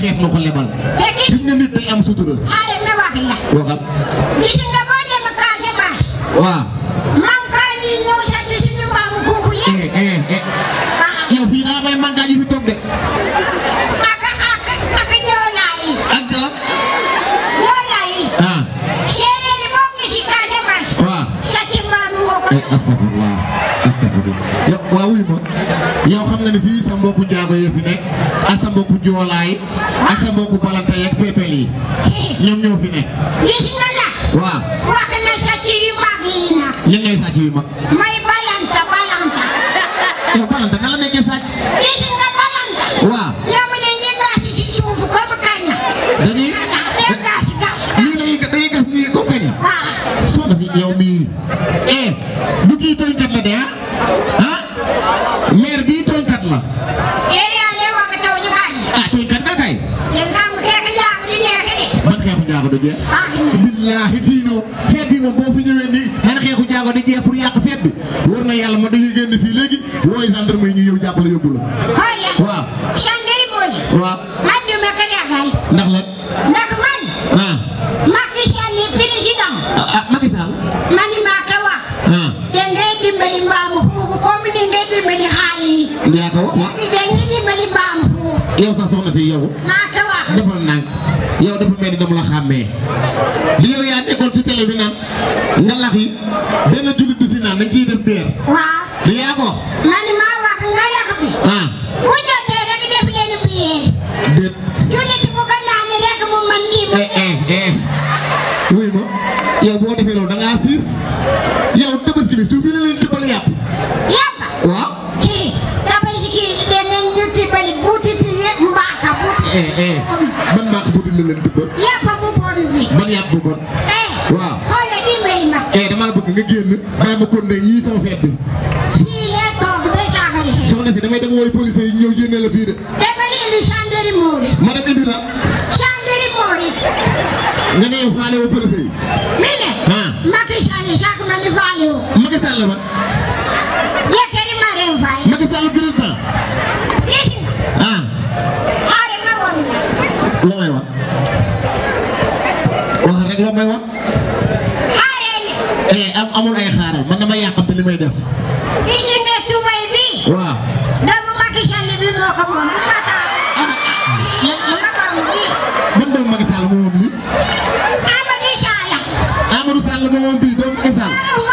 xees la ko lebal gis nga nit day am sutura xaaral ma wax la waxat gis nga boo dem Casamance waaw mankaay yi ñëw sàcc suñu mbaamu kooku yëpp eh, eh, eh. ah. yow fii daa may mankaay yi fi toog de ak ak ak joolaa yi ak joolaa ah séeréer yi boo gis Casamance waaw sàcc mbaamu moo ko astagfirullah yow waaw wuy ma yow xam nga ne fii sa mbokku njaago yee fi nekk ak sa joolaay ak sa balanta yeeg peepel yi ñoom ñoo fi nekk. gis nga la. waaw wax na sàcc yu mag yi nag. ñan ngay sàcc may balanta balanta. yow balanta nan la nekkee sàcc. nga balanta. waaw ñoom dañuy gas si suuf comme kaña. dañuy ah, ah, ah, gas gas gas. dañuy gas nii comme kaña. waaw soo yow mii eh bu kii tooñ kat jaago du jeex billahi fi no feet bi moom yow dafa mel ni dama la xamé li yow ya nekkon ci télé bi naan nga lax yi benn jullit du si naan dañ ciy def beer. wa li ya ko. man ma wax nga yàq bi. ha ah. bu jotté rek def leen biir. déet. ci bu ko ni rek mu man lii mo eh eh eh wuy ma yow bo defé lo da nga sis yow tabaski bi tuuti na leen tibbal yàpp. yàpp. waaw. tabaski danañ ñu tibbali buuti ci mbaa ka buuti. Eh, eh. buddi na leen duggoon. yàpp bu bon bi. man yàpp bu bon. Eh, waaw xoolal dimbali ma. Eh, damaa bëgg nga génn bàyyi ma kon ne ñii sama feet bi. fii yaa toog ba gendarmerie. soxna si damay dem wooyu police yi ñëw génne la fii de. dama indi gendarmerie. ma dem indi la. gendarmerie. nga ne faale wu police yi. mi ne. ah Macky Sall chaque man di faale wu. Macky Sall ma. yëkkati ma réew fay. Macky may wan. eh am amul ay xaaral man dama yàqante li may def. fii si ne tubay bi. waaw. doomu Macky Sall bi moo ko moom. Ah, ah, ah. man doomu Macky Sall moo moom lii. Amadou Sall. Amadou Sall moo moom bii doomu Macky Sall.